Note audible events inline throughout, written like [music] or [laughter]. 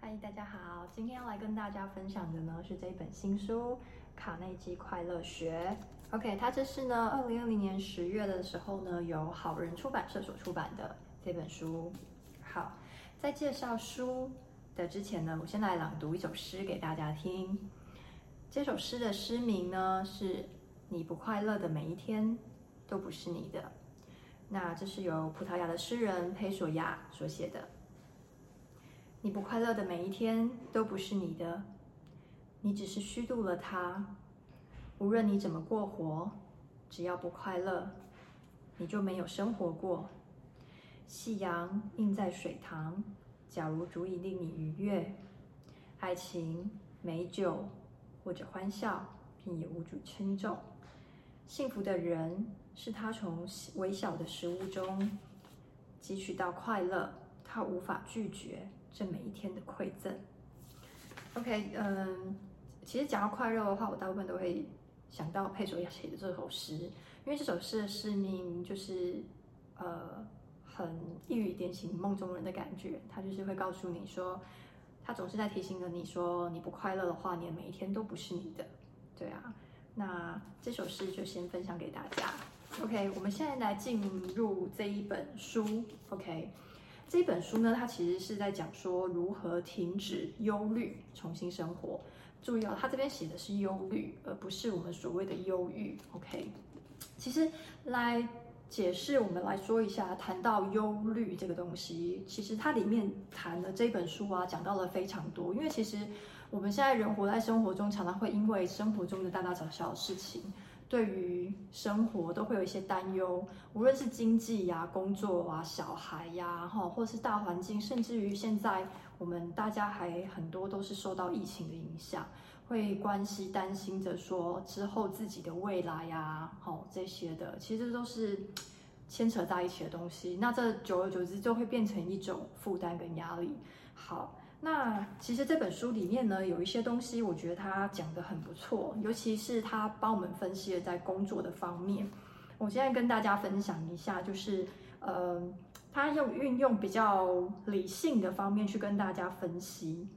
嗨，大家好，今天要來跟大家分享的呢是這一本新書《卡內基快樂學》。OK，它這是呢二零二零年十月的時候呢由好人出版社所出版的這本書。好，在介紹書的之前呢，我先來朗讀一首詩給大家聽。這首詩的詩名呢是“你不快樂的每一天都不是你的”，那這是由葡萄牙的詩人佩索亞所寫的。你不快樂的每一天都不是你的，你只是虛度了它。無論你怎麼過活，只要不快樂，你就沒有生活過。夕陽映在水塘，假如足以令你愉悅，愛情、美酒或者歡笑，便也無足輕重。幸福的人，是他從微小的食物中汲取到快樂，他無法拒絕。這每一天的饋贈。OK，嗯，其實講到快樂的話，我大部分都會想到佩索亞寫的這首詩，因為這首詩的詩名就是呃，很一語點醒夢中人的感覺。他就是會告訴你說，它總是在提醒着你說，你不快樂的話，你的每一天都不是你的。對啊，那這首詩就先分享給大家。OK，我們現在來進入這一本書。OK。這本書呢，它其實是在講說如何停止憂慮，重新生活。注意哦、啊，它這邊寫的是憂慮，而不是我們所謂的憂鬱。OK，其實來解釋，我們來說一下，談到憂慮這個東西，其實它裡面談的這本書啊，講到了非常多。因為其實我們現在人活在生活中，常常會因為生活中的大大小小的事情。對於生活都會有一些擔憂，無論是經濟呀、啊、工作啊、小孩呀、啊，哈、哦，或是大環境，甚至於現在我們大家還很多都是受到疫情的影響，會關心、擔心着說之後自己的未來呀、啊，哈、哦，這些的其實都是牽扯在一起的東西。那這久而久之就會變成一種負擔跟壓力。好。那其實這本書裡面呢，有一些東西，我覺得他講的很不錯，尤其是他幫我們分析了在工作的方面。我現在跟大家分享一下，就是呃，他用運用比較理性的方面去跟大家分析，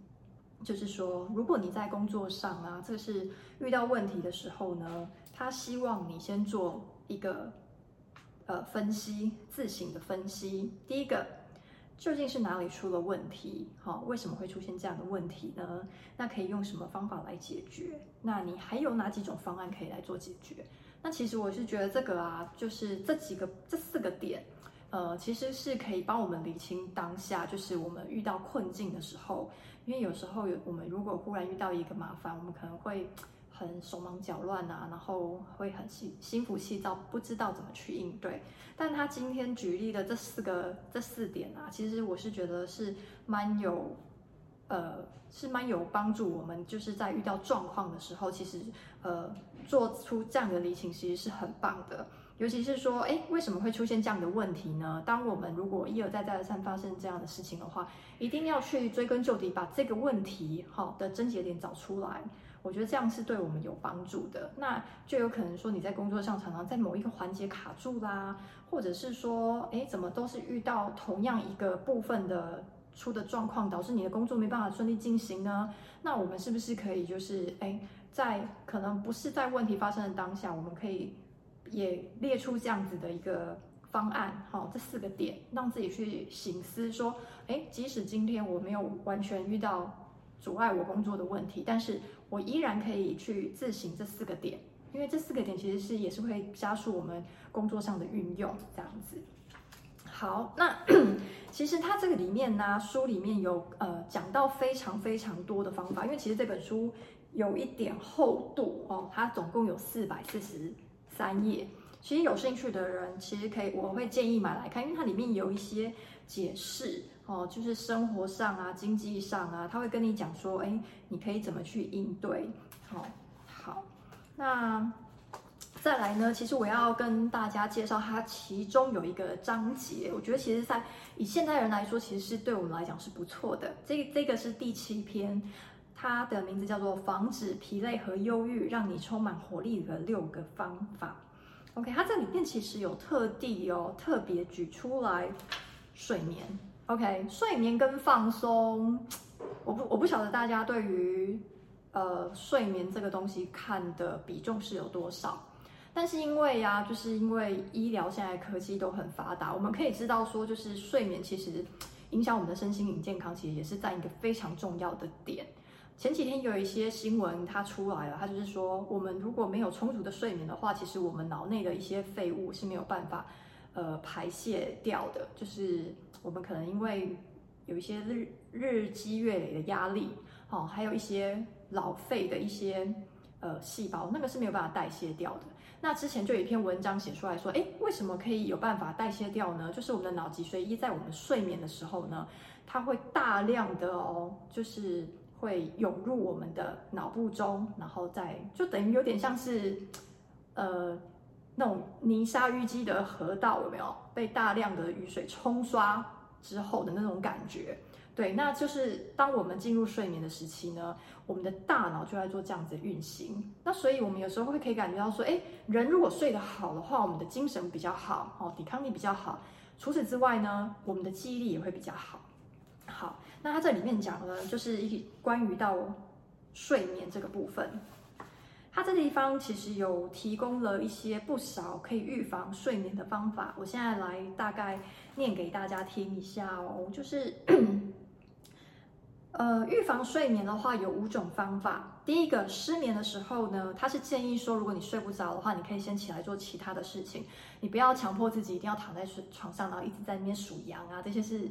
就是說，如果你在工作上啊，這是遇到問題的時候呢，他希望你先做一個呃分析，自行的分析。第一個。究竟是哪裡出了問題？好，為什麼會出現這樣的問題呢？那可以用什麼方法來解決？那你還有哪幾種方案可以來做解決？那其實我是覺得這個啊，就是這幾個這四個點，呃，其實是可以幫我們理清當下，就是我們遇到困境的時候，因為有時候有我們如果忽然遇到一個麻煩，我們可能會。很手忙腳亂啊，然後會很心心浮氣躁，不知道怎麼去應對。但他今天舉例的這四個這四點啊，其實我是覺得是蠻有，呃，是蠻有幫助。我們就是在遇到狀況的時候，其實呃，做出這樣的理清，其實是很棒的。尤其是說，哎，為什麼會出現這樣的問題呢？當我們如果一而再再而三發生這樣的事情的話，一定要去追根究底，把這個問題好的症結點找出來。我覺得這樣是對我們有幫助的，那就有可能說你在工作上常常在某一個環節卡住啦，或者是說，誒怎麼都是遇到同樣一個部分的出的狀況，導致你的工作沒辦法順利進行呢？那我們是不是可以就是，誒，在可能不是在問題發生的當下，我們可以也列出這樣子的一個方案，哈，這四個點，讓自己去省思說，誒，即使今天我沒有完全遇到。阻礙我工作的問題，但是我依然可以去自省這四個點，因為這四個點其實是也是會加速我們工作上的運用，這樣子。好，那 [coughs] 其實它這個裡面呢、啊，書裡面有呃講到非常非常多的方法，因為其實這本書有一點厚度哦，它總共有四百四十三頁。其實有興趣的人，其實可以，我會建議買來看，因為它裡面有一些解釋哦，就是生活上啊、經濟上啊，他會跟你講說，哎，你可以怎麼去應對。好、哦，好，那再來呢？其實我要跟大家介紹它其中有一個章節，我覺得其實在以現代人來說，其實是對我們來講是不錯的。這這個是第七篇，它的名字叫做《防止疲累和憂鬱，讓你充滿活力的六個方法》。OK，它這裡面其實有特地哦，特別舉出來睡眠。OK，睡眠跟放鬆，我不我不曉得大家對於呃睡眠這個東西看的比重是有多少，但是因為呀、啊，就是因為醫療現在科技都很發達，我們可以知道說，就是睡眠其實影響我們的身心靈健康，其實也是在一個非常重要的點。前幾天有一些新聞它出來了，它就是說，我們如果沒有充足的睡眠的話，其實我們腦內的一些廢物是沒有辦法，呃，排泄掉的。就是我們可能因為有一些日日積月累的壓力，哦，還有一些老廢的一些呃細胞，那個是沒有辦法代謝掉的。那之前就有一篇文章寫出來說，哎、欸，為什麼可以有辦法代謝掉呢？就是我們的腦脊髓液在我們睡眠的時候呢，它會大量的哦，就是。會湧入我們的腦部中，然後再就等於有點像是，呃，那種泥沙淤積的河道有沒有？被大量的雨水沖刷之後的那種感覺。對，那就是當我們進入睡眠的時期呢，我們的大腦就在做這樣子的運行。那所以我們有時候會可以感覺到說，哎，人如果睡得好的話，我們的精神比較好，哦，抵抗力比較好。除此之外呢，我們的記憶力也會比較好。好，那它這裡面講呢，就是一關於到睡眠這個部分，它這個地方其實有提供了一些不少可以預防睡眠的方法。我現在來大概念給大家聽一下哦，就是， [coughs] 呃，預防睡眠的話有五種方法。第一個，失眠的時候呢，它是建議說，如果你睡不着的話，你可以先起來做其他的事情，你不要強迫自己一定要躺在床上，然後一直在那邊數羊啊，這些是。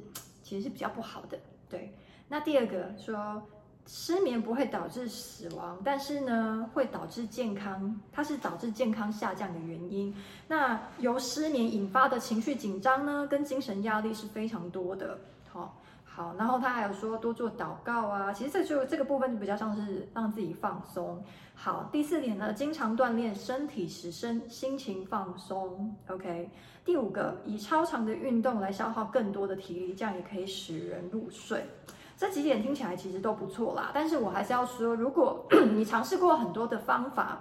其實是比較不好的。對，那第二個說，失眠不會導致死亡，但是呢，會導致健康，它是導致健康下降的原因。那由失眠引發的情緒緊張呢，跟精神壓力是非常多的。好、哦。好，然後他還有說多做禱告啊，其實這就這個部分就比較像是讓自己放鬆。好，第四點呢，經常鍛鍊身體，使身心情放鬆。OK，第五個，以超長的運動來消耗更多的體力，這樣也可以使人入睡。這幾點聽起來其實都不錯啦，但是我還是要說，如果你嘗試過很多的方法。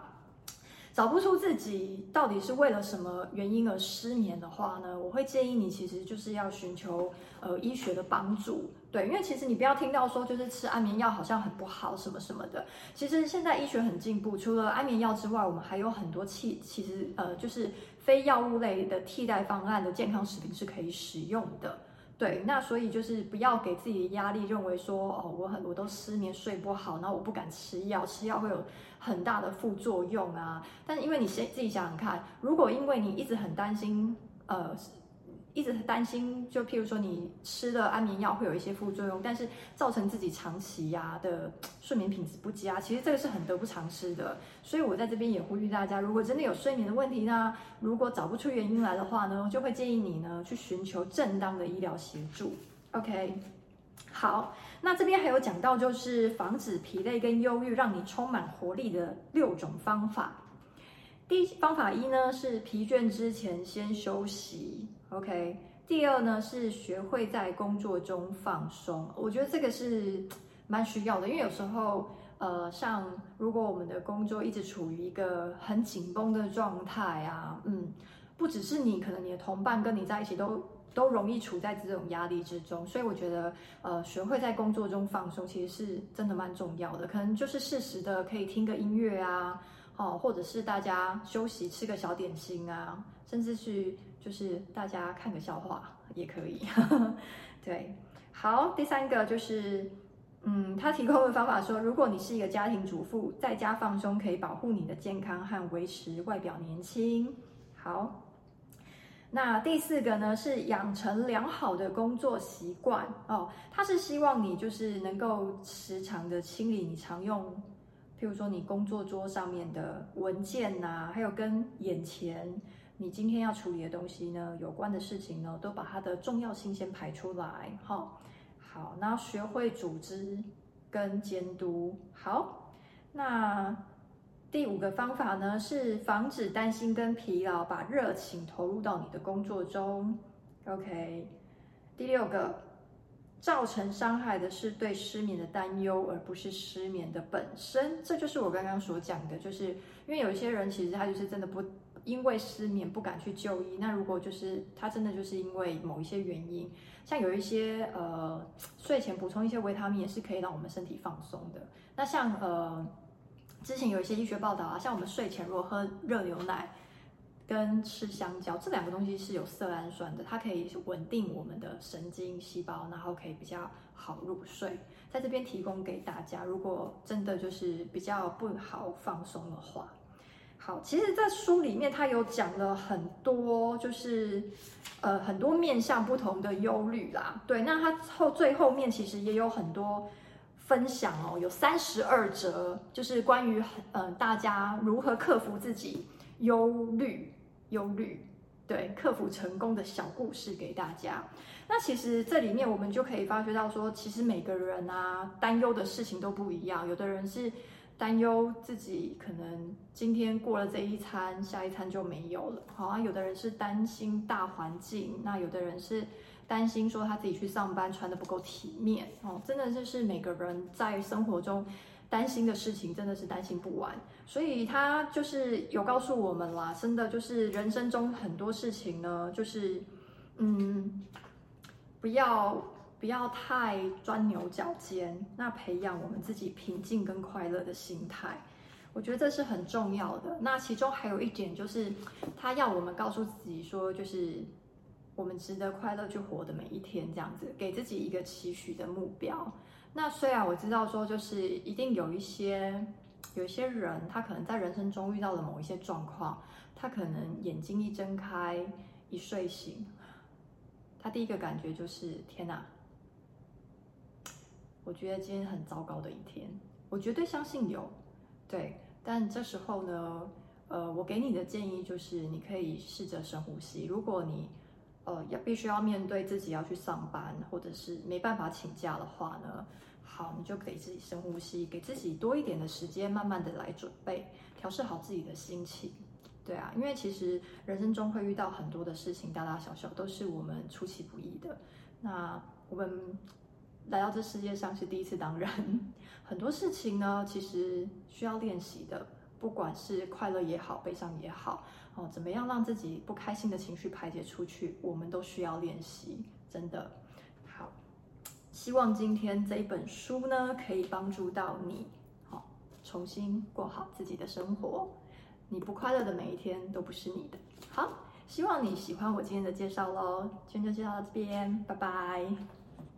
找不出自己到底是為了什麼原因而失眠的話呢？我會建議你其實就是要尋求呃醫學的幫助，對，因為其實你不要聽到說就是吃安眠藥好像很不好什麼什麼的，其實現在醫學很進步，除了安眠藥之外，我們還有很多其其實呃就是非藥物類的替代方案的健康食品是可以使用的。對，那所以就是不要給自己的壓力，認為說哦，我很我都失眠睡不好，然後，我不敢吃藥，吃藥會有很大的副作用啊。但是因為你先自己想想看，如果因為你一直很擔心，呃。一直很擔心，就譬如說你吃了安眠藥會有一些副作用，但是造成自己長期呀、啊、的睡眠品質不佳，其實這個是很得不償失的。所以我在這邊也呼籲大家，如果真的有睡眠的問題呢，那如果找不出原因來的話呢，就會建議你呢去尋求正當的醫療協助。OK，好，那這邊還有講到就是防止疲累跟憂鬱，讓你充滿活力的六種方法。第一，方法一呢是疲倦之前先休息，OK。第二呢是學會在工作中放鬆。我覺得這個是蠻需要的，因為有時候，呃，像如果我們的工作一直處於一個很緊繃的狀態啊，嗯，不只是你，可能你的同伴跟你在一起都都容易處在這種壓力之中。所以我覺得，呃，學會在工作中放鬆其實是真的蠻重要的。可能就是適時的可以聽個音樂啊。哦，或者是大家休息吃個小點心啊，甚至是就是大家看個笑話也可以呵呵。對，好，第三個就是，嗯，他提供的方法說，如果你是一個家庭主婦，在家放鬆可以保護你的健康和維持外表年輕。好，那第四個呢是養成良好的工作習慣哦，他是希望你就是能夠時常的清理你常用。譬如說，你工作桌上面的文件吶啊，還有跟眼前你今天要處理的東西呢有關的事情呢，都把它的重要性先排出來，哈。好，那學會組織跟監督。好，那第五個方法呢是防止擔心跟疲勞，把熱情投入到你的工作中。OK，第六個。造成傷害的是對失眠的擔憂，而不是失眠的本身。這就是我剛剛所講的，就是因為有一些人其實他就是真的不因為失眠不敢去就醫。那如果就是他真的就是因為某一些原因，像有一些呃睡前補充一些維他命也是可以讓我們身體放鬆的。那像呃之前有一些醫學報道啊，像我們睡前如果喝熱牛奶，跟吃香蕉這兩個東西是有色氨酸的，它可以穩定我們的神經細胞，然後可以比較好入睡。在這邊提供給大家，如果真的就是比較不好放鬆的話，好，其實，在書裡面他有講了很多，就是呃很多面向不同的憂慮啦。對，那他後最後面其實也有很多分享哦，有三十二則，就是關於嗯、呃、大家如何克服自己憂慮。憂慮，對克服成功的小故事給大家。那其實這裡面我們就可以發覺到說，說其實每個人啊擔憂的事情都不一樣。有的人是擔憂自己可能今天過了這一餐，下一餐就沒有了。好啊，有的人是擔心大環境，那有的人是擔心說他自己去上班穿得不夠體面。哦，真的就是每個人在生活中。擔心的事情真的是擔心不完，所以他就是有告訴我們啦，真的就是人生中很多事情呢，就是，嗯，不要不要太鑽牛角尖，那培養我們自己平靜跟快樂的心態，我覺得這是很重要的。那其中還有一點就是，他要我們告訴自己說，就是我們值得快樂去活的每一天，這樣子給自己一個期許的目標。那雖然我知道說，就是一定有一些有一些人，他可能在人生中遇到了某一些狀況，他可能眼睛一睜開，一睡醒，他第一個感覺就是天哪，我覺得今天很糟糕的一天。我絕對相信有，對。但這時候呢，呃，我給你的建議就是，你可以試着深呼吸。如果你呃，要必須要面對自己要去上班，或者是沒辦法請假的話呢，好，你就可以自己深呼吸，給自己多一點的時間，慢慢的來準備，調適好自己的心情。對啊，因為其實人生中會遇到很多的事情，大大小小都是我們出其不意的。那我們來到這世界上是第一次當人，很多事情呢，其實需要練習的。不管是快樂也好，悲傷也好，哦，怎麼樣讓自己不開心的情緒排解出去，我們都需要練習。真的，好，希望今天這一本書呢，可以幫助到你，哦，重新過好自己的生活。你不快樂的每一天都不是你的。好，希望你喜歡我今天的介紹嘍。今天就介紹到這邊，拜拜。